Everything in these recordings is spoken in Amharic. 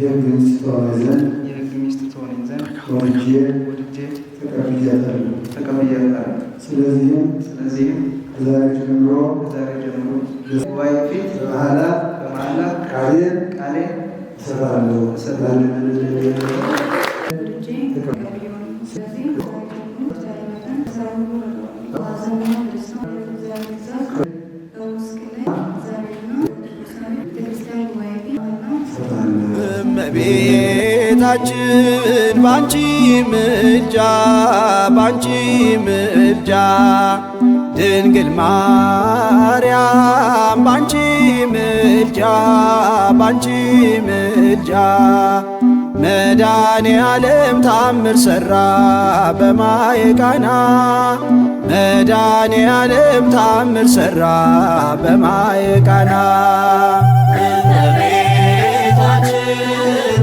የሕግ ሚስት ትሆነኝ ዘንድ የሕግ ሚስት ትሆነኝ ዘንድ ወድጄ ወድጄ ተቀብያታለሁ ተቀብያታለሁ። ስለዚህም ስለዚህም ከዛሬ ጀምሮ ከዛሬ ጀምሮ ጉባኤ ፊት በኋላ በኋላ ቃሌን ቃሌን እሰራለሁ እሰራለሁ ቤታችን ባንቺ ምልጃ ባንቺ ምልጃ ድንግል ማርያም ባንቺ ምልጃ ባንቺ ምልጃ መዳኔ ዓለም ታምር ሠራ በማየ ቃና መዳኔ ዓለም ታምር ሠራ በማየ ቃና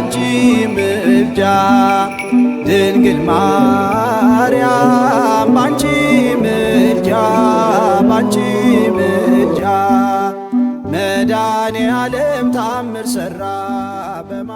ያንቺ ምልጃ ድንግል ማርያም ባንቺ ምልጃ ባንቺ ምልጃ መድኃኔ ዓለም ታምር ሠራ በማ